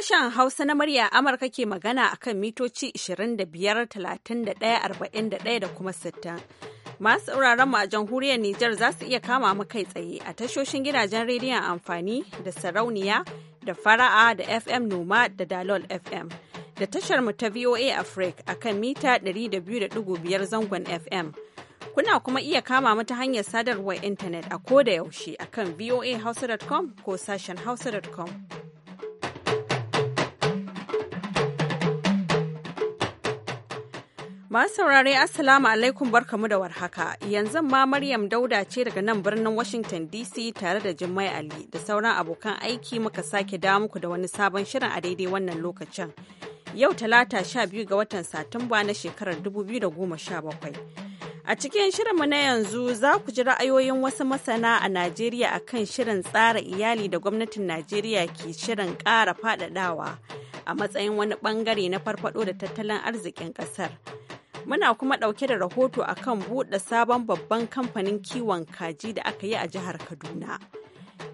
Sashen Hausa na murya Amurka ke magana a kan mitoci 25,31,41 da kuma 60. Masu sauraron mu a jamhuriyar Nijar za su iya kama mu kai tsaye a tashoshin gidajen rediyon amfani da sarauniya da fara'a da FM Noma da Dalol FM. Da tashar mu ta VOA Africa kan mita 200.5 zangon FM. Kuna kuma iya kama mu ta hanyar sadarwar intanet a da yaushe akan voahausa.com ko sashen hausa.com. Masu saurare Assalamu alaikum barkamu da warhaka. Yanzu ma Maryam Dauda ce daga nan birnin Washington DC tare da Jummai Ali da sauran abokan aiki muka sake dawo muku da wani sabon shirin a daidai wannan lokacin. Yau talata sha biyu ga watan Satumba na shekarar 2017. A cikin shirinmu na yanzu za ku ji ra'ayoyin wasu masana a Najeriya a kan shirin tsara iyali da gwamnatin Najeriya ke shirin ƙara faɗaɗawa a matsayin wani ɓangare na farfaɗo da tattalin arzikin ƙasar. Muna kuma ɗauke da rahoto akan buɗe sabon babban kamfanin kiwon kaji da aka yi a jihar Kaduna.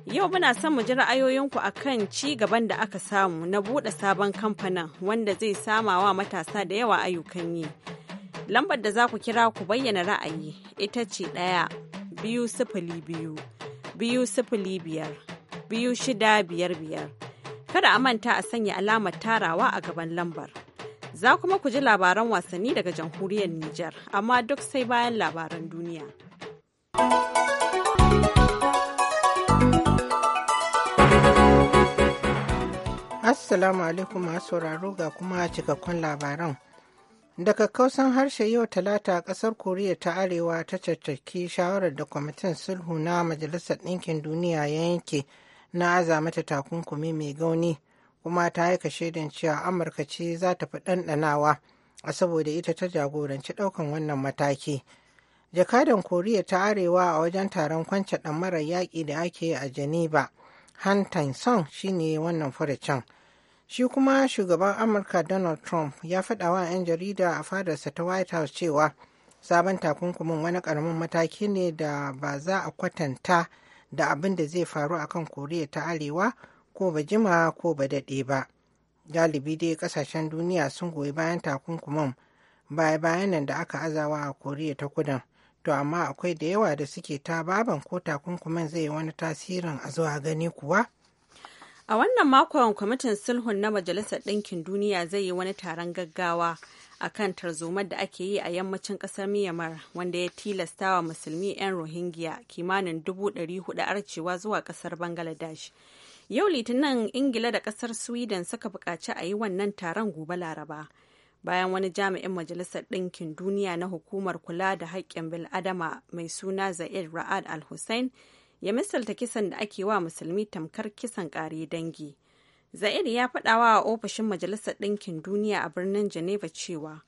Yau muna son mu ji ra'ayoyinku akan ci gaban da aka samu na buɗe sabon kamfanin wanda zai samawa matasa da yawa ayyukan yi. Lambar da za ku kira ku bayyana ra'ayi ita ce ɗaya biyu sifili biyu biyu sifili biyar biyu shida biyar biyar. Kada a manta a sanya alamar tarawa a gaban lambar. Za kuma ku ji labaran wasanni daga jamhuriyar Nijar, amma duk sai bayan labaran duniya. Assalamu alaikum masu sauraro ga kuma cikakkun labaran. Daga kausan harshe yau talata kasar Koriya ta Arewa ta caccaki shawarar da kwamitin sulhu na Majalisar Ɗinkin Duniya ya yanke na aza mata takunkumi mai gauni kuma ta aika shaidan cewa amurka ce za ta fi ɗanɗanawa a saboda ita ta jagoranci ɗaukan wannan mataki jakadan koriya ta arewa a wajen taron kwance ɗamarar yaƙi da ake a geneva hantan song shine wannan furucin shi kuma shugaban amurka donald trump ya faɗa wa 'yan jarida a fadarsa ta white house cewa sabon takunkumin wani ƙaramin mataki ne da ba za a kwatanta da abin da zai faru akan koriya ta arewa ko ba jima ko ba daɗe ba galibi dai ƙasashen duniya sun goyi bayan takunkuman baya bayan nan da aka azawa a koriya ta kudan to amma akwai da yawa da suke ta baban ko takunkuman zai yi wani tasirin a zuwa gani kuwa a wannan makon kwamitin sulhun na majalisar ɗinkin duniya zai yi wani taron gaggawa a kan tarzomar da ake yi a yammacin ƙasar Myanmar wanda ya tilasta wa musulmi 'yan Rohingya kimanin 400 arcewa zuwa ƙasar Bangladesh Yau Litinin Ingila da kasar Sweden suka buƙaci a yi wannan taron gobe Laraba. Bayan wani jami'in Majalisar Ɗinkin Duniya na Hukumar Kula da Haƙƙin Bil'adama mai suna zair Ra'ad Al-Hussein ya misalta kisan da ake wa musulmi tamkar kisan ƙare dangi. za'ir ya faɗawa a ofishin Majalisar Ɗinkin Duniya a birnin Geneva cewa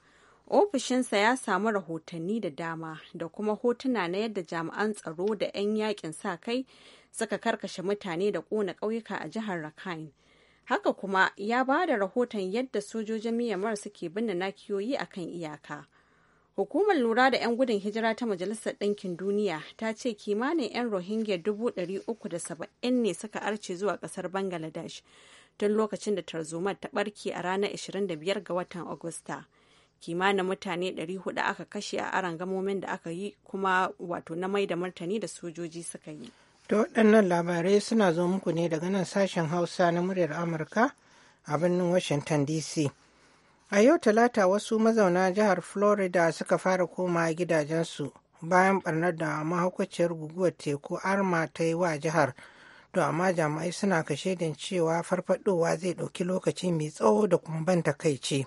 ofishinsa ya samu rahotanni da dama da kuma hotuna na yadda jami'an tsaro da 'yan yakin sa kai suka karkashe mutane da kona ƙauyuka a jihar Rakhine. Haka kuma ya ba da rahoton yadda sojojin Myanmar suke binne nakiyoyi a kan iyaka. Hukumar lura da 'yan gudun hijira ta Majalisar Ɗinkin Duniya ta ce kimanin 'yan Rohingya 370 ne suka arce zuwa ƙasar Bangladesh tun lokacin da tarzomar ta ɓarke a ranar 25 ga watan Agusta. kimanin mutane 400 aka kashe a gamomin da aka yi kuma wato na mai da martani da sojoji suka yi. To waɗannan labarai suna zo muku ne daga nan sashen Hausa na muryar Amurka a birnin Washington DC. A yau talata wasu mazauna jihar Florida suka fara koma gidajensu bayan barnar da mahaukaciyar guguwar teku arma ta yi wa jihar. To amma jami'ai suna kashe din cewa farfadowa zai ɗauki lokaci mai tsawo da kuma ban takaici.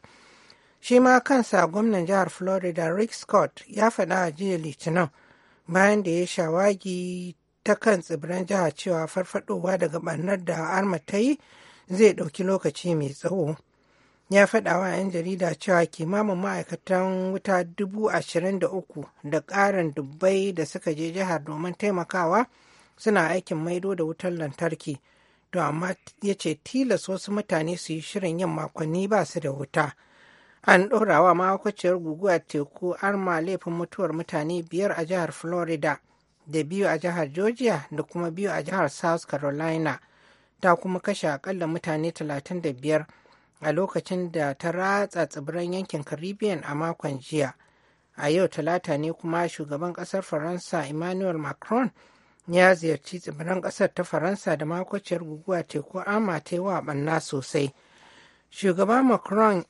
Shi ma kansa gwamnan jihar Florida Rick Scott ya faɗa a jiya Litinin bayan da ya shawagi ta kan tsibiran jiha cewa farfadowa daga barnar da arma ta yi zai ɗauki lokaci mai tsawo ya faɗa 'yan jarida cewa kimamin ma'aikatan wuta dubu ashirin da uku da ƙarin dubbai da suka je jihar domin taimakawa suna aikin maido da wutar lantarki to amma ya ce tilas wasu mutane su yi shirin yin makonni ba su da wuta an ɗorawa mahaukaciyar guguwar teku arma laifin mutuwar mutane biyar a jihar florida da biyu a jihar georgia da kuma biyu a jihar south carolina ta kuma kashe akalla mutane 35 a lokacin da ta ratsa tsibiran yankin caribbean a makon jiya a yau talata ne kuma shugaban kasar faransa emmanuel macron ya ziyarci tsibiran kasar ta faransa da makwaciyar guguwa teku ama ta yi wa banna sosai Shugaban macron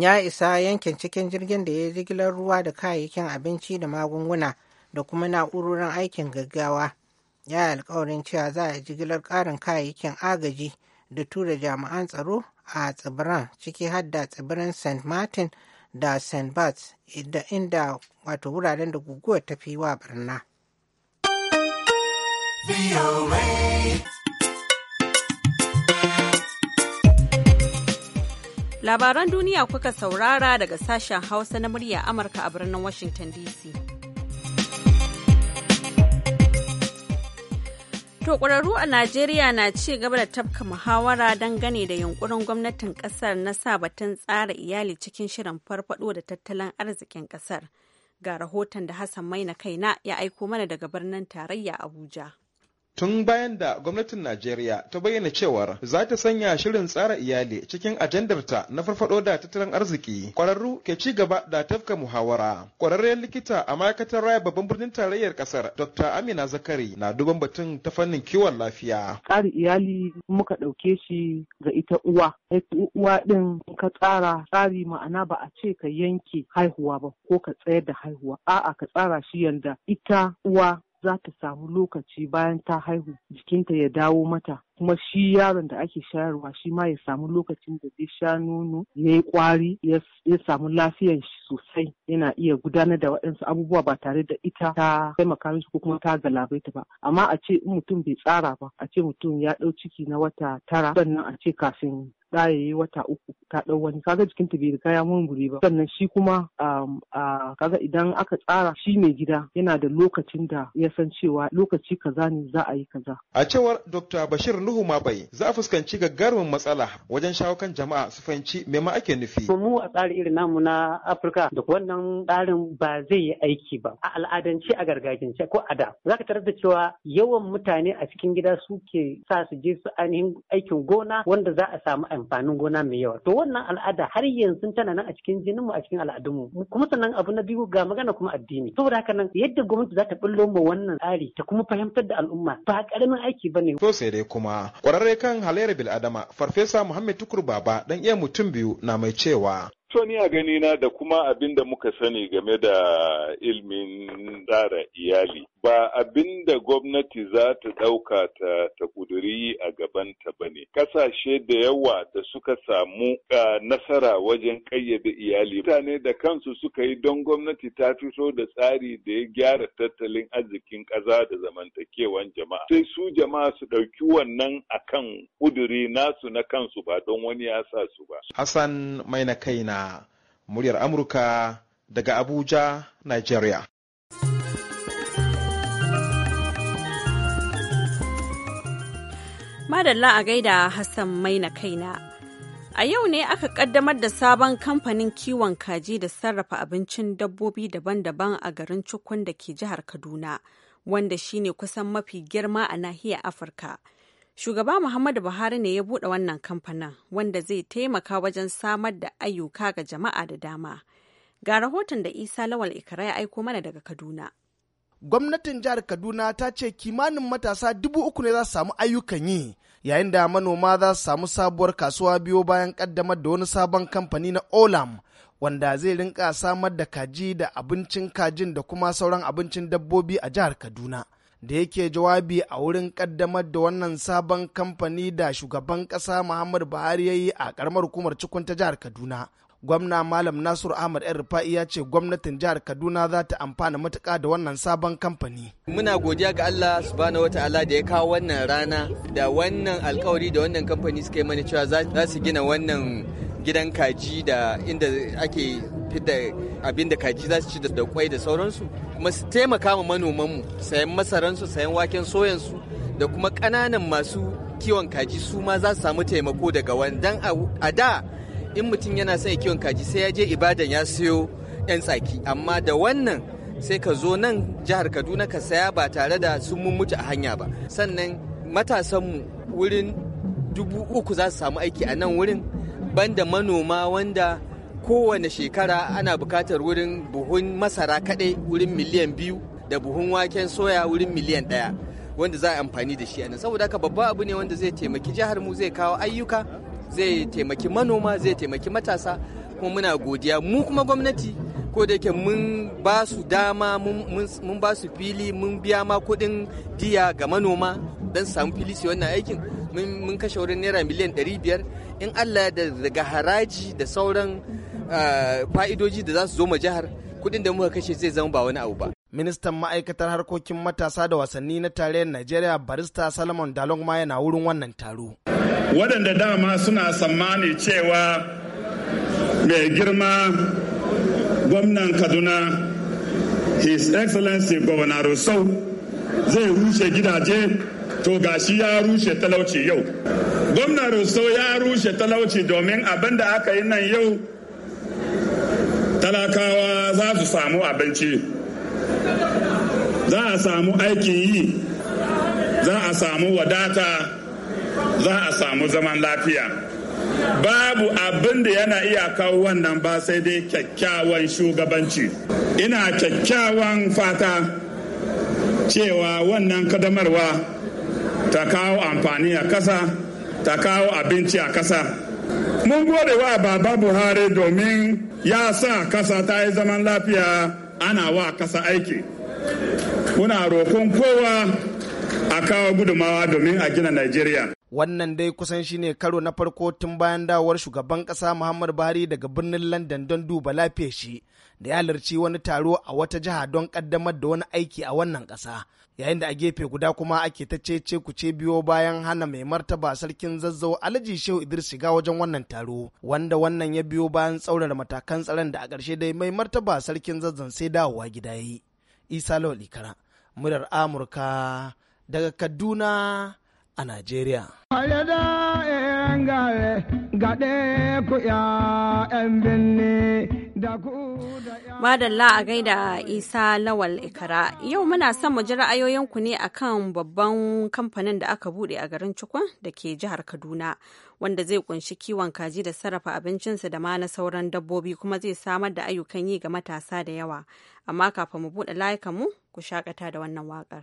ya isa yankin cikin jirgin da ya jigilar ruwa da kayayyakin abinci da magunguna da kuma na'urorin aikin gaggawa ya yi alkawarin cewa za a jigilar ƙarin kayayyakin agaji da tura jami'an tsaro a tsibiran ciki har da tsibirin st martin da st barts inda wato wuraren da guguwar ta fi wa barna labaran duniya kuka saurara daga sashen hausa na murya amurka a birnin washington dc To ƙwararru a Najeriya na ci gaba da tafka muhawara dangane da yunkurin gwamnatin ƙasar na sa batun tsara iyali cikin shirin farfado da tattalin arzikin ƙasar. Ga rahoton da Hassan Maina kaina ya aiko mana daga birnin tarayya Abuja. tun bayan da gwamnatin Najeriya ta bayyana cewar za ta sanya shirin tsara iyali cikin ajandarta na farfado da tattalin arziki. Kwararru ke ci gaba da tafka muhawara. Kwararren likita a ma'aikatar raya babban birnin tarayyar kasar Dr. Amina Zakari na duban batun ta fannin kiwon lafiya. Tsarin iyali muka ɗauke shi ga ita uwa. Uwa ɗin ka tsara tsari ma'ana ba a ce ka yanke haihuwa ba ko ka tsayar da haihuwa. A'a ka tsara shi yanda ita uwa za ta samu lokaci bayan ta haihu jikinta ya dawo mata kuma shi yaron da ake shayarwa shi ma ya samu lokacin da zai sha nono ya yi kwari ya samu lafiyar shi sosai yana iya gudanar da waɗansu abubuwa ba tare da ita ta taimaka mishi ko kuma ta galabaita ba amma a ce in mutum bai tsara ba a ce mutum ya ɗau ciki na wata tara sannan a ce kafin ɗa ya wata uku ta ɗau wani kaga jikinta bai riga ya buri ba sannan shi kuma um, kaga idan aka tsara shi mai gida yana da lokacin da ya san cewa lokaci kaza ne za a yi kaza. A cewar Dr. Bashir Nuhu Mabai za a fuskanci gagarumin matsala wajen shawo kan jama'a su fahimci me ma ake nufi. Mu a tsari irin namu na Afirka da wannan tsarin ba zai yi aiki ba a al'adance a gargajiyance ko a da. Za ka tarar da cewa yawan mutane a cikin gida suke sa su je su ainihin aikin gona wanda za a samu amfanin gona mai yawa to wannan al'ada har yanzu tana nan a cikin jinin mu a cikin al'adunmu kuma sannan abu na biyu ga magana kuma addini saboda haka nan yadda gwamnati za ta bullo ma wannan tsari ta kuma fahimtar da al'umma ba karamin aiki ba ne. to sai dai kuma kwararre kan halayyar bil'adama farfesa muhammad tukur baba dan iya mutum biyu na mai cewa To ni a gani na da kuma abin da muka sani game da ilimin tsara iyali ba abin da gwamnati za ta ɗauka ta ta ƙuduri a gabanta ba ne. Ƙasashe da yawa da suka samu nasara wajen ƙayyade iyali. Mutane da kansu suka yi don gwamnati ta fito da tsari da ya gyara tattalin arzikin ƙasa da zamantakewan jama'a. Sai su jama'a su ɗauki wannan a kan ƙuduri nasu na kansu ba don wani ya sa su ba. Hassan mai na kai na muryar Amurka daga Abuja, Nigeria. Madalla a gaida Hassan Maina kaina. A yau ne aka kaddamar da sabon kamfanin kiwon kaji da sarrafa abincin dabbobi daban-daban a garin Cukun da ke jihar Kaduna, wanda shi ne kusan mafi girma a nahiyar Afirka. Shugaba Muhammadu Buhari ne ya buɗe wannan kamfanin, wanda zai taimaka wajen samar da ayyuka ga jama'a da dama. Ga rahoton da Isa Lawal Ikara ya aiko mana daga Kaduna. gwamnatin jihar kaduna ta ce kimanin matasa dubu uku ne za su samu ayyukan yi yayin da manoma za su samu sabuwar kasuwa biyu bayan kaddamar da wani sabon kamfani na olam wanda zai rinka samar da kaji da abincin kajin da kuma sauran abincin dabbobi a jihar kaduna da yake jawabi a wurin kaddamar da wannan sabon kamfani da shugaban kasa muhammadu buhari ya yi a karamar hukumar cikun ta jihar kaduna gwamna malam nasiru ahmad yan rufa'i ya ce gwamnatin jihar kaduna za ta amfana matuka da wannan sabon kamfani muna godiya ga allah wata ala da ya kawo wannan rana da wannan alkawari da wannan kamfani suka yi mana cewa za su gina wannan gidan kaji da inda ake fidda abin kaji za su ci da kwai da sauransu kuma su taimaka ma manomanmu sayan masaransu sayan waken soyansu da kuma ƙananan masu kiwon kaji su ma za su samu taimako daga wannan a da in mutum yana son kiwon kaji sai ya je ibadan ya siyo 'yan tsaki amma da wannan sai ka zo nan jihar kaduna ka saya ba tare da sun mutu a hanya ba sannan matasanmu wurin dubu uku za su samu aiki a nan wurin banda manoma wanda kowane shekara ana bukatar wurin buhun masara kaɗai wurin miliyan biyu da buhun waken soya wurin miliyan ɗaya wanda za a amfani da shi a nan saboda haka babba abu ne wanda zai taimaki jihar mu zai kawo ayyuka zai taimaki manoma zai taimaki matasa kuma muna godiya mu kuma gwamnati ko da yake mun ba su dama mun ba su fili mun biya ma kudin diya ga manoma don samu fili su wannan aikin mun kashe wurin naira miliyan 500 in allah da daga haraji da sauran ah, fa'idoji da za su zo ma jihar kudin da muka kashe zai zama ba wani abu ba ministan ma'aikatar harkokin matasa da wasanni na tarayyar najeriya barista salomon dalong ma yana wurin wannan taro waɗanda dama suna tsammani cewa mai girma gwamnan kaduna his excellency governor rousseau zai rushe gidaje to gashi ya rushe talauci yau gwamnan rousseau ya rushe talauci domin abin da aka yi nan yau talakawa za su samu abinci za a samu aikin yi za a samu wadata za a samu zaman lafiya babu abin da yana iya kawo wannan ba sai dai kyakkyawan shugabanci ina kyakkyawan fata cewa wannan kadamarwa ta kawo amfani a kasa ta kawo abinci a kasa mun gode wa baba buhari domin ya sa kasa ta yi zaman lafiya ana wa kasa aiki muna roƙon kowa a kawo gudumawa domin a gina najeriya wannan dai kusan shine karo na farko tun bayan dawowar shugaban kasa muhammadu buhari daga birnin london don duba lafiyar shi da ya halarci wani taro a wata jiha don kaddamar da wani aiki a wannan kasa yayin da a gefe guda kuma ake ta cece kuce biyo bayan hana mai martaba sarkin zazzau alhaji shehu idris shiga wajen wannan taro wanda wannan ya biyo bayan tsaurara matakan tsaron da a ƙarshe dai mai martaba sarkin zazzau sai dawowa gida yi isa lawal ikara murar amurka daga kaduna a najeriya eh, ku 'ya'yan birni Madalla a gaida Isa Lawal Ikara. Yau muna son mu ji ra'ayoyinku ne akan babban kamfanin da aka bude a garin Cikon da ke jihar Kaduna, wanda zai kunshi kiwon kaji da sarrafa abincinsu da ma na sauran dabbobi kuma zai samar da ayyukan yi ga matasa da yawa. Amma kafin mu buɗe layukanmu ku shakata da wannan waƙar.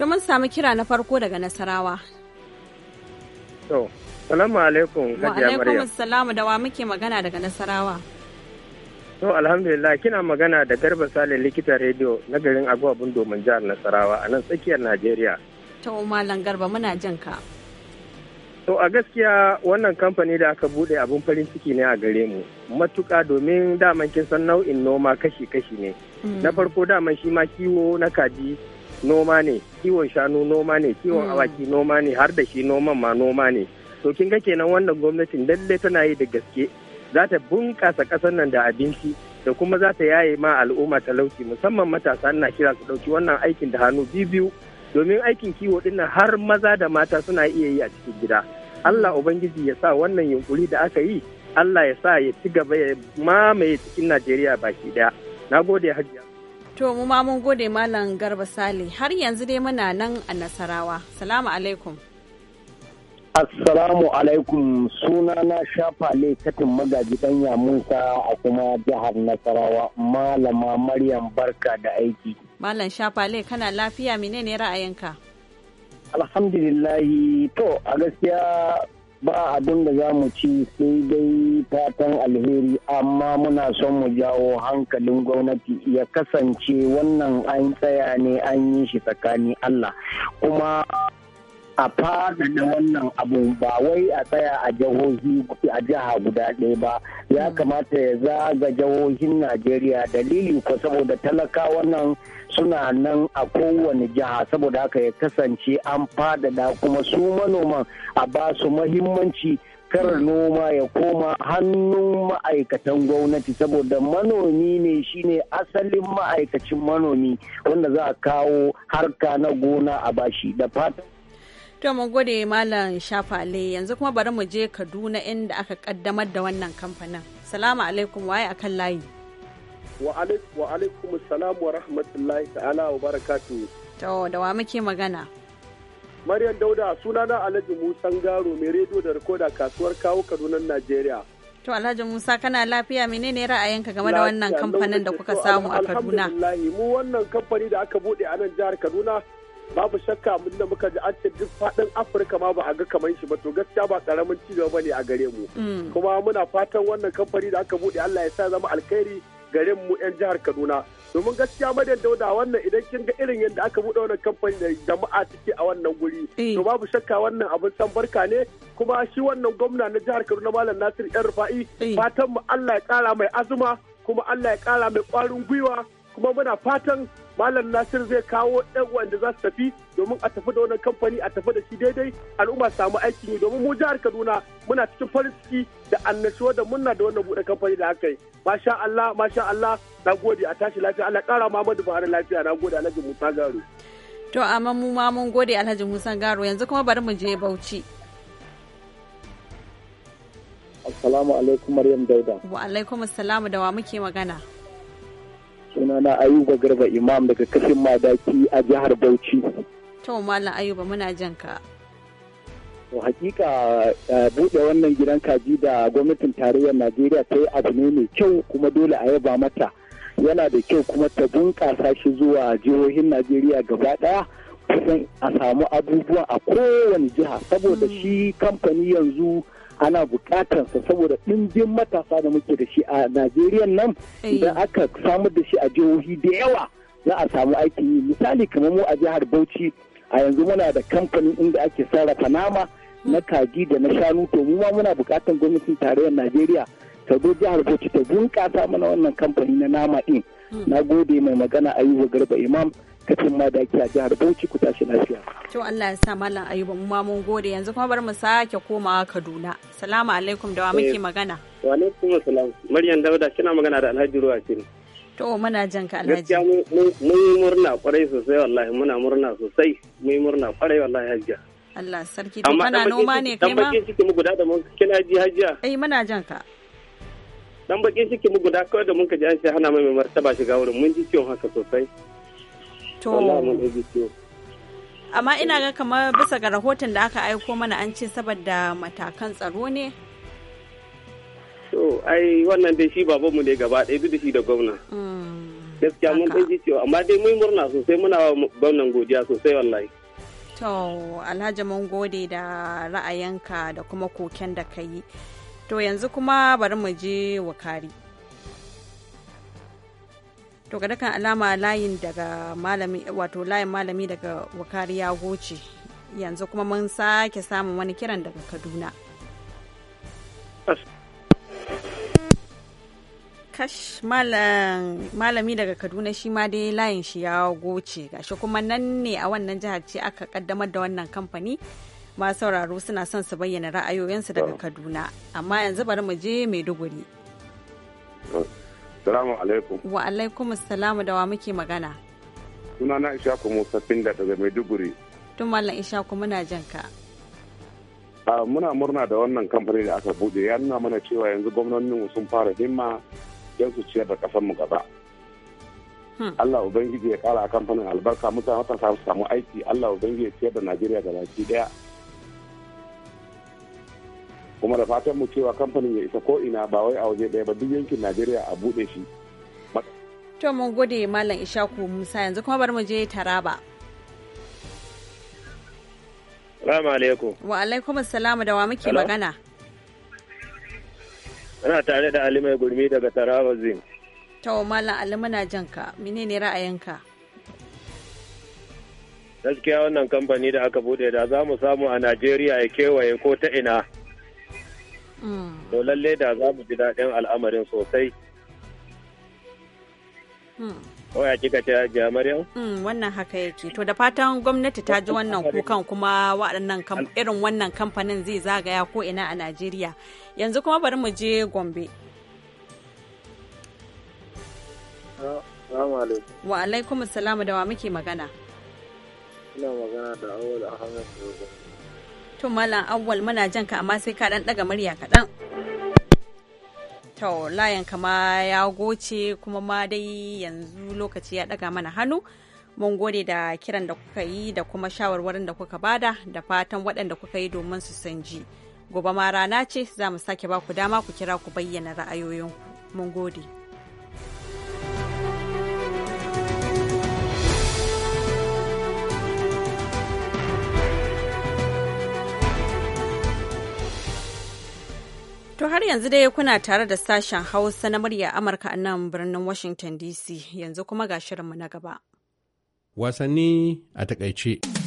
To mun samu kira na farko daga Nasarawa. To, salamu alaikum Hajiya Maryam. Wa alaikum salamu da wa muke magana daga Nasarawa. To, alhamdulillah kina magana da Garba Sale likitan rediyo na garin Agwa domin jihar Nasarawa a nan tsakiyar Najeriya. To, Malam Garba muna jin ka. To, a gaskiya wannan kamfani da aka bude abin farin ciki ne a gare mu. Matuka domin daman kin san nau'in noma kashi-kashi ne. Mm. Na farko daman shi ma kiwo na kaji noma ne kiwon shanu noma ne kiwon hmm. awaki noma ne har da shi noman ma noma ne to kin ga kenan wannan gwamnatin lalle tana yi da gaske za ta bunƙasa ƙasar nan da abinci da kuma za ta yaye ma al'umma talauci musamman matasa na kira su ɗauki wannan aikin da hannu biyu biyu domin aikin kiwo dinnan har maza da mata suna iya yi a cikin gida Allah Ubangiji ya sa wannan yunkuri da aka yi Allah ya sa ya ci gaba ya mamaye cikin Najeriya baki ɗaya Na gode hajiya. To mu ma mun gode Malam Garba Sale har yanzu dai muna nan a Nasarawa. Salamu alaikum. Assalamu alaikum suna na shafa katin magaji ɗanya Musa a kuma jihar Nasarawa Malama Maryam Barka da aiki. Malam Shafale kana lafiya menene ra'ayinka? Alhamdulillahi to a gaskiya ba abin da za mu ci sai dai fatan alheri amma muna son mu jawo hankalin gwamnati ya kasance wannan an tsaya ne an yi shi tsakani Allah kuma a da wannan abu ba wai a tsaya a jihohi a jiha guda ɗaya ba ya mm. kamata ya zaga jihohin najeriya dalili ko saboda talaka wannan suna nan a kowane jiha saboda haka ya kasance an da kuma su manoman a ba su mahimmanci kar noma ya koma hannun ma'aikatan gwamnati saboda manomi ne shine asalin ma'aikacin manomi wanda za a kawo harka na gona a bashi da fatan To mun gode Malam Shafale yanzu kuma bari mu je Kaduna inda aka kaddamar da wannan kamfanin. Salamu alaikum waye akan layi. Wa alaikum salam wa rahmatullahi ta'ala wa barakatu. To da wa muke magana? Maryam Dauda sunana Alhaji Musa Garo mai rediyo da rikoda kasuwar kawo Kaduna Najeriya. To Alhaji Musa kana lafiya menene ra'ayinka game da wannan kamfanin da kuka samu a Kaduna? Alhamdulillah mu wannan kamfani da aka bude a nan jihar Kaduna babu shakka mun da muka ji an ce duk faɗin afirka ma ba a ga kamar shi ba to gaskiya ba karamin ci gaba ne a gare mu mm. kuma muna fatan wannan kamfani da aka buɗe allah ya sa zama alkhairi garin mu 'yan jihar kaduna domin gaskiya madan dauda wannan idan kin ga irin yadda aka buɗe wannan kamfani da jama'a take a wannan guri eh. to babu shakka wannan abin san barka ne kuma shi wannan gwamna na jihar kaduna malam nasir yan rufa'i eh. fatan mu allah ya kara mai azuma kuma allah ya kara mai kwarin gwiwa kuma muna fatan malam nasir zai kawo ɗan wanda za su tafi domin a tafi da wannan kamfani a tafi da shi daidai al'umma samu aikin yi domin mu jihar kaduna muna cikin farin ciki da annashuwa da muna da wannan buɗe kamfani da aka yi masha allah masha allah na gode a tashi lafiya allah ƙara muhammadu buhari lafiya na gode alhaji musa garo to amma mu ma mun gode alhaji musa garo yanzu kuma bari mu je bauchi assalamu alaikum maryam dauda wa alaikum assalamu da wa muke magana sunana ayuba garba imam daga kashin madaki a jihar bauchi to malam ayuba muna jan ka to hakika bude wannan gidan kaji da gwamnatin tarayyar najeriya ta yi abu ne mai kyau kuma dole a yaba mata yana da kyau kuma ta bunƙasa shi zuwa jihohin najeriya gaba ɗaya kusan a samu abubuwa a kowane jiha saboda hmm. shi kamfani yanzu ana bukatar sa saboda ɗimbin matasa da muke da shi a najeriya nan eh. idan aka samar da shi a jihohi da yawa za a samu aikin yi misali kamar mu a jihar bauchi a yanzu muna da kamfanin inda ake sarrafa nama na kaji da na shanu to mu ma muna bukatar gwamnatin tarayyar najeriya ta zo jihar bauchi ta bunƙasa mana wannan kamfani na nama din hmm. na gode mai magana ayuba garba imam kafin ma da ake a jihar Bauchi ku tashi lafiya. To Allah ya sa Malam Ayuba mu ma mun gode yanzu kuma bar mu sake komawa Kaduna. Salamu alaikum da wa muke eh, magana. Wa alaikum assalam. Maryam Dauda kina magana da Alhaji Ruwa ce. To muna jan ka Alhaji. Gaskiya mun yi murna kwarai sosai wallahi muna murna sosai mun yi murna kwarai wallahi Hajiya. Allah sarki to kana noma ne kai ma. Dan bakin ciki mu guda da mun kina ji Hajiya. Eh muna jan ka. Dan bakin ciki mu guda kawai da mun ka ji an sai hana mai martaba shiga wurin mun ji ciwon haka sosai. to amma ina ga kamar bisa ga rahoton da aka aiko mana an ce saboda matakan tsaro ne to ai wannan dai shi babanmu ne gaba ɗaya duk da shi da gwamna hmm, gaskiya mun ɗan ji cewa amma dai mai murna sosai muna gwamnan godiya sosai wallahi to alhaji mun gode da ra'ayinka da kuma koken da ka yi to yanzu kuma bari mu je wakari to ga dukkan alama layin daga malami wato layin malami daga wakari ya goce yanzu kuma mun sake samun wani kiran daga kaduna kash malami daga kaduna shi ma dai layin shi ya goce gashi kuma nan ne a wannan jihar ce aka kaddamar da wannan kamfani ma sauraro suna son su bayyana ra'ayoyinsu daga kaduna amma yanzu bari mu je maiduguri Salamu alaikum. Wa alaikum salamu da wa muke magana. Suna na Ishaku Musa Finda daga Maiduguri. Tun Mallam Ishaku muna jan ka. muna murna da wannan kamfani da aka buɗe ya nuna mana cewa yanzu gwamnonin sun fara himma don su ciyar da ƙasar mu gaba. Hmm. Allah Ubangiji ya kara kamfanin albarka mutane ta samu aiki Allah Ubangiji ya ciyar da Najeriya da baki ɗaya. kuma da fatan mu cewa kamfanin ya isa ko ina ba wai a waje ɗaya ba duk yankin najeriya a buɗe shi to mun gode malam ishaku musa yanzu kuma bari mu je taraba Salamu alaikum. Wa alaikum assalamu da wa muke magana. Ana tare da Ali mai gurmi daga Taraba Zin. To Malam Ali muna jan ka, menene ra'ayinka? Gaskiya wannan kamfani da aka bude da za mu samu a Najeriya ya kewaye ko ta ina. to lalle da za mu ji daɗin al'amarin sosai Oya hmm. kika ce hajiya Maryam? Hmm, wannan haka yake. To da fatan gwamnati ta ji wannan kukan kuma waɗannan irin wannan kamfanin zai zagaya ko ina a Najeriya. Yanzu kuma bari mu je Gombe. Wa alaikum salamu da wa muke magana? Ina magana da Awul Ahmed Rubin. to malam awwal muna jan ka amma sai ka dan daga murya kaɗan to layan kama ya goce kuma ma dai yanzu lokaci ya daga mana hannu mun gode da kiran da kuka yi da kuma shawarwarin da kuka bada da fatan waɗanda kuka yi domin su san ji gobe ma rana ce za mu sake ba ku dama ku kira ku bayyana ra'ayoyinku mun gode To har yanzu dai kuna tare da sashen Hausa na murya Amurka a nan birnin Washington DC yanzu kuma ga shirinmu na gaba. Wasanni a takaice.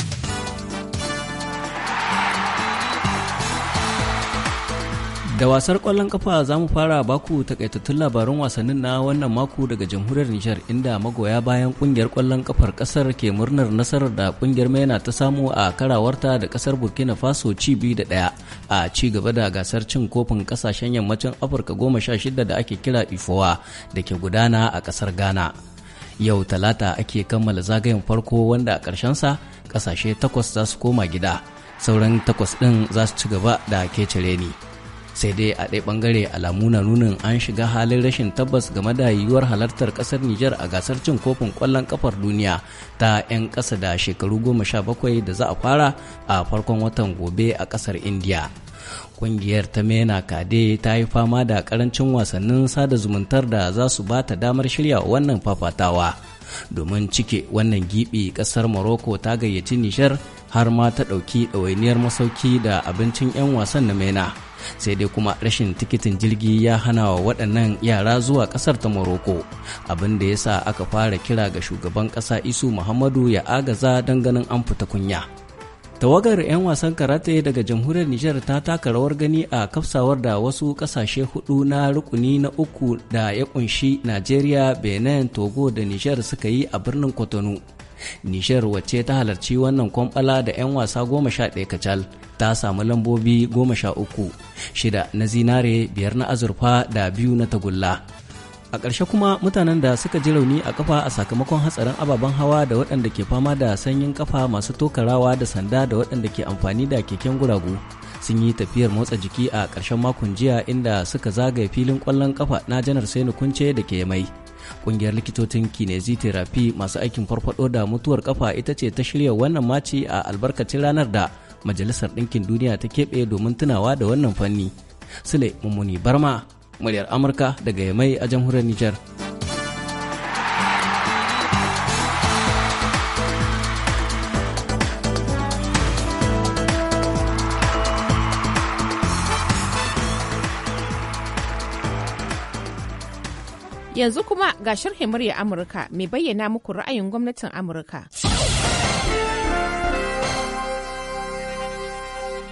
Da wasar kwallon kafa za mu fara baku takaitattun labarun wasannin na wannan mako daga jamhuriyar Nijar inda magoya bayan ƙungiyar ƙwallon kafar ƙasar ke murnar nasarar da ƙungiyar maina ta samu a karawarta da ƙasar Burkina Faso ci biyu da ɗaya a ci gaba da gasar cin kofin ƙasashen yammacin Afirka goma sha shida da ake kira Ifowa da ke gudana a ƙasar Ghana. Yau talata ake kammala zagayen farko wanda a sa ƙasashe takwas za su koma gida sauran takwas ɗin za su ci gaba da kecere ni. sai dai a ɗaya ɓangare alamu na nunin an shiga halin rashin tabbas game da yiwuwar halartar ƙasar nijar a gasar cin kofin ƙwallon ƙafar duniya ta 'yan ƙasa da shekaru goma sha bakwai da za a fara a farkon watan gobe a ƙasar india. kungiyar ta mena kade ta yi fama da karancin wasannin sada zumuntar da za su ba ta damar shirya wannan fafatawa domin cike wannan gibi ƙasar morocco ta gayyaci nishar har ma ta ɗauki ɗawainiyar masauki da abincin 'yan wasan na mena sai dai kuma rashin tikitin jirgi ya hana wa waɗannan yara zuwa ƙasar ta moroko abin da ya sa aka fara kira ga shugaban ƙasa Isu Muhammadu ya agaza don ganin an fita kunya. Tawagar 'yan wasan karate daga jamhuriyar Nijar ta taka rawar gani a kafsawar da wasu kasashe hudu na rukuni na uku da ya kunshi Najeriya, Benin, Togo da Nijar suka yi a birnin Kotonu. Nishar wacce ta halarci wannan kwamfala da 'yan wasa goma sha ɗaya kacal ta samu lambobi goma sha uku shida na zinare biyar na azurfa da biyu na tagulla. A ƙarshe kuma mutanen da suka ji rauni a kafa a sakamakon hatsarin ababen hawa da waɗanda ke fama da sanyin kafa masu tokarawa da sanda da waɗanda ke amfani da keken guragu sun yi tafiyar motsa jiki a ƙarshen makon jiya inda suka zagaye filin ƙwallon kafa na janar sai Kunce da ke mai. Ƙungiyar likitocin kinesiotherapy masu aikin farfado da mutuwar kafa ita ce ta shirya wannan maci a albarkacin ranar da Majalisar Ɗinkin Duniya ta keɓe domin tunawa da wannan fanni. Sule Mummuni Barma, muryar Amurka daga Yamai a jamhuriyar Nijar. Yanzu kuma ga sharhin murya Amurka mai bayyana muku ra'ayin gwamnatin Amurka.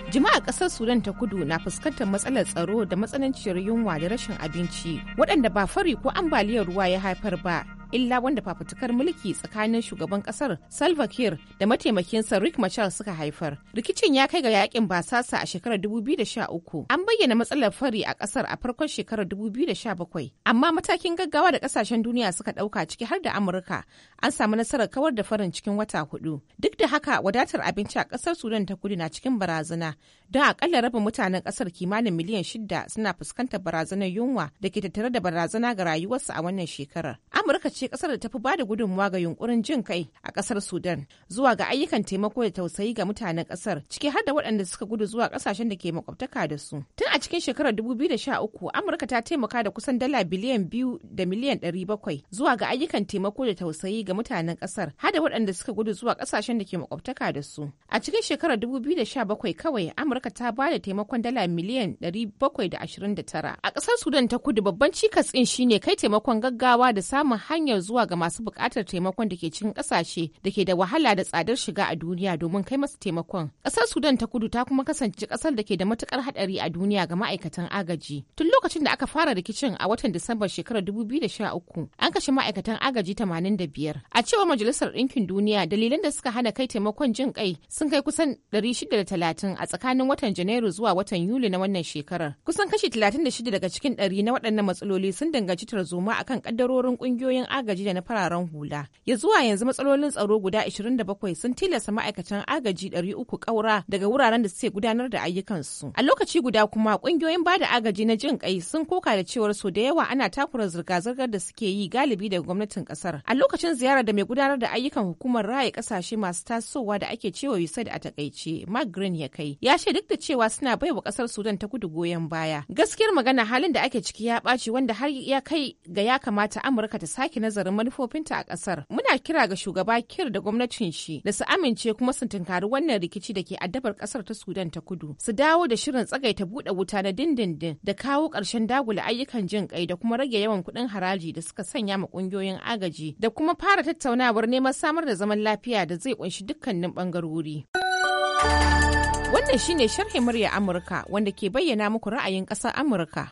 Jama'a ƙasar Sudan ta kudu na fuskantar matsalar tsaro da matsananciyar yunwa da rashin abinci waɗanda ba fari ko ambaliyar ruwa ya haifar ba illa wanda fafutukar mulki tsakanin shugaban kasar Salva Kiir da mataimakinsa Rick Machar suka haifar. Rikicin ya kai ga yakin basasa a shekarar 2013. An bayyana matsalar fari a kasar a farkon shekarar 2017, amma matakin gaggawa da kasashen duniya suka dauka ciki har da Amurka an samu nasarar kawar da farin cikin wata hudu. Duk da haka wadatar abinci a kasar Sudan ta kudu na cikin barazana don akalla rabin mutanen kasar kimanin miliyan shida suna fuskantar barazanar yunwa da ke tattare da barazana ga rayuwarsu a wannan shekarar. Amurka ce ce kasar da tafi bada gudunmawa ga yunkurin jin kai a kasar Sudan zuwa ga ayyukan taimako da tausayi ga mutanen kasar ciki har da waɗanda suka gudu zuwa kasashen da ke makwabtaka da su. Tun a cikin shekarar 2013 Amurka ta taimaka da kusan dala biliyan biyu da miliyan bakwai. zuwa ga ayyukan taimako da tausayi ga mutanen kasar har da waɗanda suka gudu zuwa kasashen da ke makwabtaka da su. A cikin shekarar 2017 kawai Amurka ta ba da taimakon dala miliyan 729. A kasar Sudan ta kudu babban cikas ɗin shine kai taimakon gaggawa da samun hanyar hanyar zuwa ga masu buƙatar taimakon da ke cikin ƙasashe da ke da wahala da tsadar shiga a duniya domin kai masu taimakon. Ƙasar Sudan ta kudu ta kuma kasance ƙasar da ke da matuƙar haɗari a duniya ga ma'aikatan agaji. Tun lokacin da aka fara rikicin a watan Disambar shekarar 2013 an kashe ma'aikatan agaji 85. A cewar Majalisar Dinkin Duniya dalilan da suka hana kai taimakon jin kai sun kai kusan 630 a tsakanin watan Janairu zuwa watan Yuli na wannan shekarar. Kusan kashi 36 daga cikin ɗari na waɗannan matsaloli sun danganci tarzoma akan ƙaddarorin ƙungiyoyin agaji agaji da na fararen hula. Ya zuwa yanzu matsalolin tsaro guda 27 sun tilasta ma'aikatan agaji 300 kaura daga wuraren da suke gudanar da ayyukansu. A lokaci guda kuma ƙungiyoyin ba da agaji na jin kai sun koka da cewar so da yawa ana takura zirga-zirgar da suke yi galibi daga gwamnatin ƙasar. A lokacin ziyarar da mai gudanar da ayyukan hukumar raya kasashe masu tasowa da ake cewa da a takaice, Mark Green ya kai, ya ce duk da cewa suna bai wa ƙasar Sudan ta kudu goyon baya. Gaskiyar magana halin da ake ciki ya ɓaci wanda har ya kai ga ya kamata Amurka ta sake na nazarin manufofinta a ƙasar. Muna kira ga shugaba Kir da gwamnatin shi da su amince kuma su tunkari wannan rikici da ke addabar ƙasar ta Sudan ta Kudu. Su dawo da shirin tsagaita buɗe wuta na dindindin da kawo ƙarshen dagula ayyukan jin kai da kuma rage yawan kuɗin haraji da suka sanya ma ƙungiyoyin agaji da kuma fara tattaunawar neman samar da zaman lafiya da zai ƙunshi dukkanin ɓangarori. Wannan shine sharhin murya Amurka wanda ke bayyana muku ra'ayin ƙasar Amurka.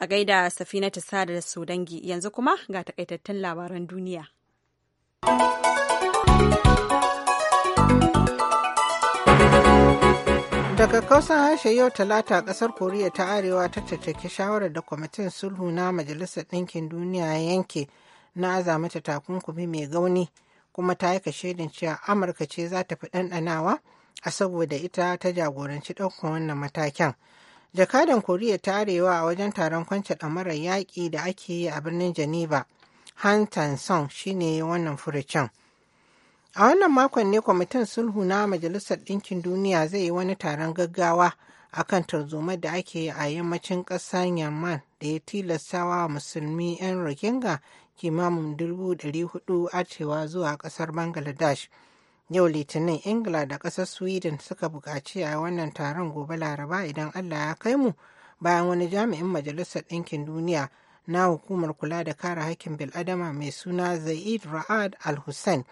a gaida safina ta sada da su dangi yanzu kuma ga takaitattun labaran duniya daga kausan harshe yau talata kasar koriya ta arewa ta tattake shawarar da kwamitin sulhu na majalisar ɗinkin duniya ya yanke na aza mata takunkumi mai gauni kuma ta yi shaidin cewa amurka ce za ta fi ɗanɗanawa a saboda ita ta jagoranci ɗaukar wannan matakin jakadan koriya ta arewa a wajen taron kwance mara yaƙi da ake yi a birnin geneva han song shine wannan furucin a wannan makon ne kwamitin sulhu na majalisar ɗinkin duniya zai yi wani taron gaggawa a kan tarzomar da ake yi a yammacin ƙasar yamman da ya tilastawa musulmi 'yan rohingya kimanin 400 arcewa zuwa ƙasar bangladesh Yau Litinin Ingila da ƙasar Sweden suka buƙaci a wannan taron gobe Laraba idan Allah ya kai mu bayan wani jami'in Majalisar Ɗinkin Duniya na hukumar kula da kare haƙƙin bil'adama mai suna Zaid Ra'ad Al-Hussein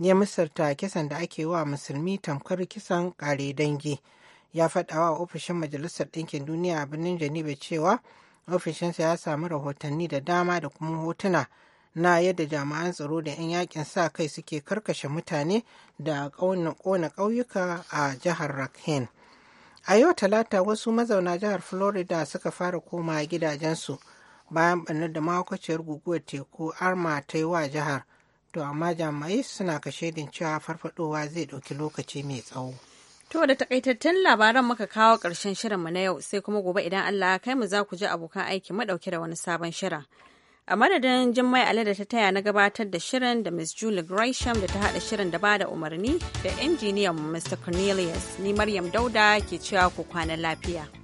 ya misalta kisan da ake wa musulmi tamkar kisan kare dangi. Ya faɗa wa ofishin Majalisar Ɗinkin Duniya a birnin janibe cewa ofishinsa ya samu rahotanni da dama da kuma hotuna na yadda jami'an tsaro da 'yan yakin sa kai suke karkashe mutane da kona ƙauyuka a jihar Rakhine. A yau talata wasu mazauna jihar Florida suka fara koma gidajensu bayan ɓannar da mahaukaciyar guguwar teku arma ta yi wa jihar. To amma jami'ai suna kashe din cewa farfadowa zai ɗauki lokaci mai tsawo. To da takaitattun labaran muka kawo ƙarshen shirin mu na yau sai kuma gobe idan Allah ya kai mu za ku ji abokan aiki madauke da wani sabon shirin. a madadin jimmai ali da ta taya na gabatar da shirin da miss julie gresham da ta hada shirin da ba da umarni da injiniyan mr cornelius ni maryam dauda ke cewa ku kwana lafiya